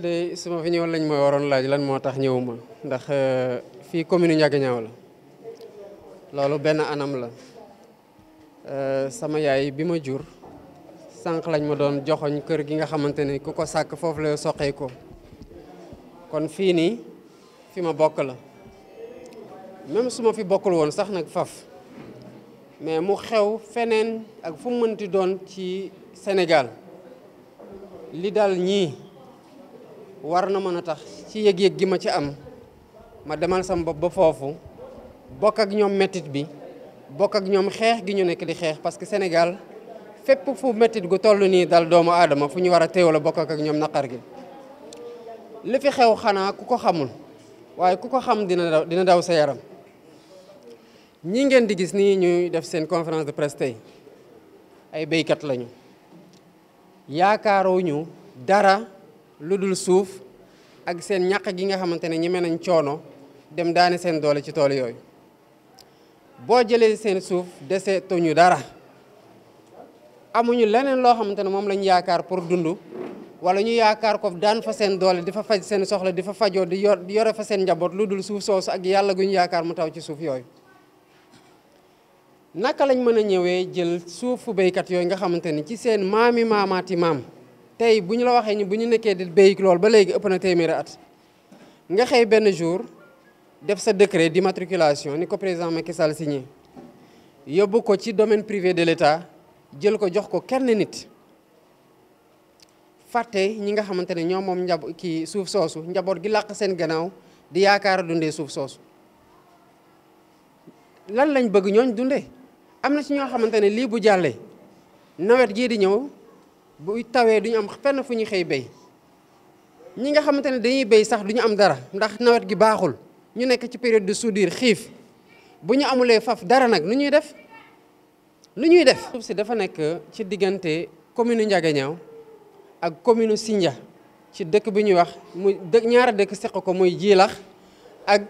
fii de suma fi ñewal lañ moy waron laaj lan mo tax ñewuma ndax euh, fi commune Ndiaga la loolu anam la euh, sama yaay bima jur sank lañ ma doon joxoñ kër gi nga xamantene ku ko la soxé ko kon fi ni fi ma bokk la même suma fi bokul won sax nak faf mais mu xew fenen ak fu ti doon ci Sénégal li dal ñi war na mën a tax ci yëg-yëg gi ma ci am ma demal sa bopp ba foofu bokk ak ñoom métit bi bokk ak ñoom xeex gi ñu nekk di xeex parce que Sénégal fépp fu métit gu toll nii daal doomu aadama fu ñu war a teew la bokk ak ñoom naqar gi li fi xew xanaa ku ko xamul waaye ku ko xam dina daw dina daw sa yaram ñi ngeen di gis nii ñuy def seen conférence de presse tey ay béykat lañu yaakaaruñu dara lu dul suuf ak seen ñaq gi nga xamante ne ñeme nañ coono dem daane seen doole ci tool yooyu boo jëlee seen suuf dese tuñu dara amuñu leneen loo xamante ne moom lañ yaakaar pour dund wala ñu yaakaar ko daan fa seen doole di fa faj seen soxla di fa fajoo di yor yore fa seen njaboot lu dul suuf soosu ak yàlla gu ñu yaakaar mu taw ci suuf yooyu naka lañ mën a ñëwee jël suufu béykat yooyu nga xamante ni ci seen maami maamaati maam tay bu la waxé ñu buñu nekké nekkee di béyik lool ba légui ëpp na téeméeri at nga xey ben jour def sa décret d'immatriculation ni ko président Macky Sall signé yobbu ko ci domaine privé de l'État jël ko jox ko kenn nit faté ñi nga xamante ñom mom njab ki suuf soosu njabor gi laq sen gannaaw di dundee suuf soosu lan lañ bëgg ñoñ dundé amna ci ño li bu jallé nawet gi di ñew buy tawee duñu am fenn fu ñu xëy béy ñi nga xamante ne dañuy béy sax duñu am dara ndax nawet gi baaxul ñu nekk ci période de soudure xiif bu ñu amulee faf dara nag lu ñuy def lu ñuy def suuf si dafa nekk ci diggante commune Ndiaganiao ak commune Sindia ci dëkk bi ñuy wax muy dëkk ñaara dëkk seq ko muy jiilax ak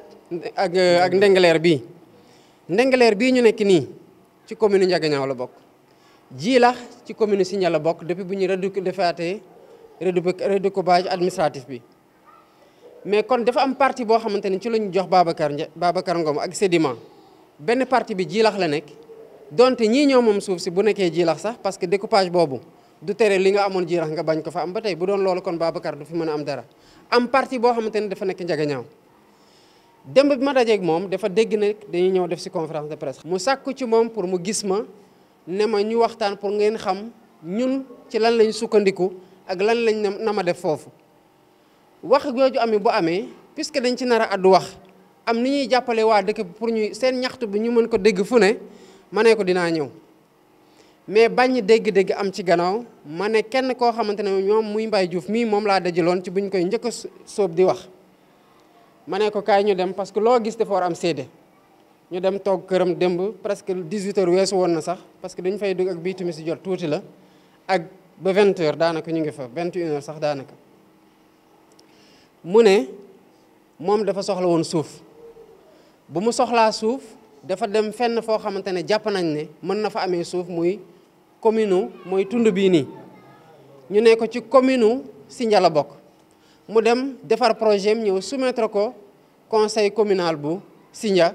ak ak ndengaleer bii ndengaleer bii ñu nekk nii ci commune Ndiaganiao la bokk Djilakh ci commune Signal la bokk depuis bu ñu redu defaatee redécoupage administratif bi mais kon dafa am parti boo xamante ne ci la ñu jox Babacar Babacar Ngom ak Sedima benn parti bi jiilax la nekk donte ñii ñoo moom suuf si bu nekkee Djilakh sax parce que découpage boobu du tere li nga amoon Djilakh nga bañ ko fa am ba tey bu doon loolu kon Babacar du fi mën a am dara am parti boo xamante ne dafa nekk Njagañaaw démb bi ma dajeeg moom dafa dégg ne dañuy ñëw def si conférence de presse. mu sàkku ci moom pour mu gis ma. ne ma ñu waxtaan pour ngeen xam ñun ci lan lañ sukkandiku ak lan lañ nama def foofu wax jooju amee bu amee puisque dañ ci nar a addu wax am ni ñuy jàppale waa dëkk bi pour ñuy seen ñaxtu bi ñu mën ko dégg fu ne ma ne ko dinaa ñëw mais bañ dégg-dégg am ci gannaaw ma ne kenn koo xamante ne ñoom muy Mbaye Diouf mii moom laa dajaloon ci bu ñu koy njëkk a di wax ma ne ko kaay ñu dem parce que loo gis dafa war am seede ñu dem tok kërëm demb presque 18 heures wess woon na sax parce que dañ fay dug ak bii tamit si jot touti la ak ba 20 heures danaka ñu ngi fa 21 heures sax danaka mune mom dafa soxla won souf bu mu soxla souf dafa dem fenn fo xamantene japp nañ ne mën na fa amé souf muy commune mooy tundu bi ni ñu ne ko ci commune si la bok mu dem defar projet am soumettre ko conseil communal bu Sindia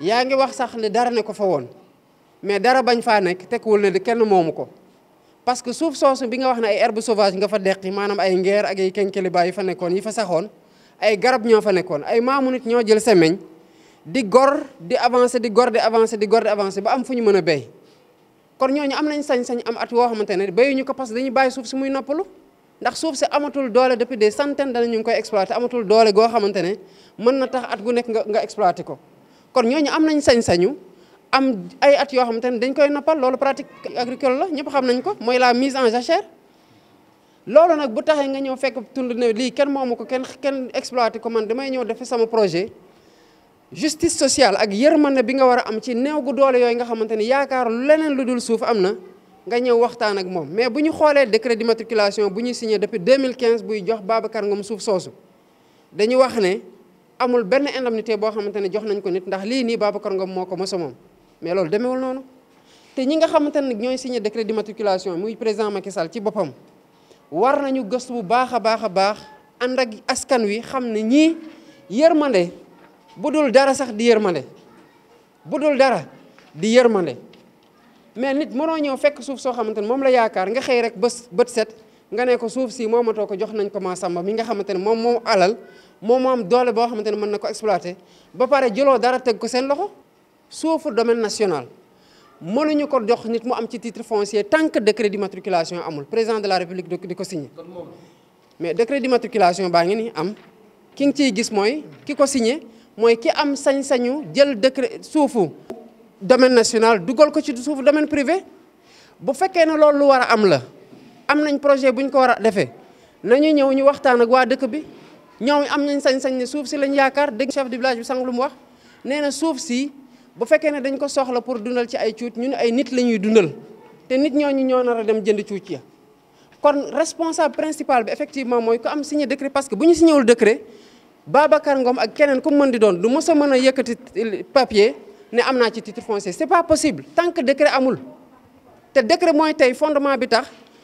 yaa ngi wax sax ne dara ne ko fa woon mais dara bañ faa nekk tekkiwul ne kenn moomu ko parce que suuf soosu bi nga wax ne ay herbe sauvage nga fa deqi maanaam ay ngeer ak ay kenkeliba yi fa nekkoon yi fa saxoon ay garab ñoo fa nekkoon ay maamu nit ñoo jël semeñ di gor di avancer di gor di avancer di gor di avancer ba am fu ñu mën a béy kon ñooñu am nañ sañ-sañ am at woo xamante ne béyuñu ko parce que dañuy bàyyi suuf si muy noppalu ndax suuf si amatul doole depuis des centaines d'années ñu ngi amatul doole goo xamante ne mën na tax at gu nekk nga nga exploiter ko kon ñooñu am nañ sañ-sañu am ay at yoo xamante ne dañ koy noppal loolu pratique agricole la ñëpp xam nañ ko mooy la mise en jachère loolu nag bu taxee nga ñëw fekk tund ne lii kenn moomu ko kenn kenn exploité ko man damay ñëw defe sama projet justice sociale ak yërmande bi nga war a am ci néew gu doole yooyu nga xamante ni yaakaar leneen lu dul suuf am na nga ñëw waxtaan ak moom mais bu ñu xoolee décret d'immatriculation bu ñu siñee depuis 2015 buy jox Babacar Ngom suuf soosu dañu wax ne amul benn indemnité bo xamantene jox nañ ko nit ndax li ni babakar Ngom moko ko mom mais lolou demewul noonu te ñi nga xamantene ñoy signé décret d'immatriculation muy président Macky Sall ci bopam war nañu gëss bu baaxa baaxa baax and ak askan wi ñi yermandé budul dara sax di yermandé budul dara di yermandé mais nit mëno ñoo fekk suuf so xamantene mom bus la yaakar nga xey rek set nga ne ko souf si momato ko jox nañ ko ma samba mi nga xamantene mom mom alal mom mom doole boo xamante ne mën na ko ba pare jëloo dara tegg ko sen loxo souf domaine national ñu ko jox nit mu am ci titre foncier tank décret d'immatriculation amul président de la république di ko signé mais décret d'immatriculation ba ngi ni am ki ngi ciy gis moy ki ko signé mooy ki am sañ-sañu jël décret suufu domaine national dugal ko ci suufu domaine privé bu fekké ne loolu wara am la am un projet qui ko a nañu ñëw ñu waxtaan ak wa dëkk bi sañ chef du village bi sang lu mu wax bu pour dem jënd ciut ci kon responsable principal bi effectivement moy ko am signé décret parce que buñu signéul décret Babacar Ngom ak kenen ku mën di doon du mësa papier titre c'est pas possible tant que décret amul té décret moy tay fondement bi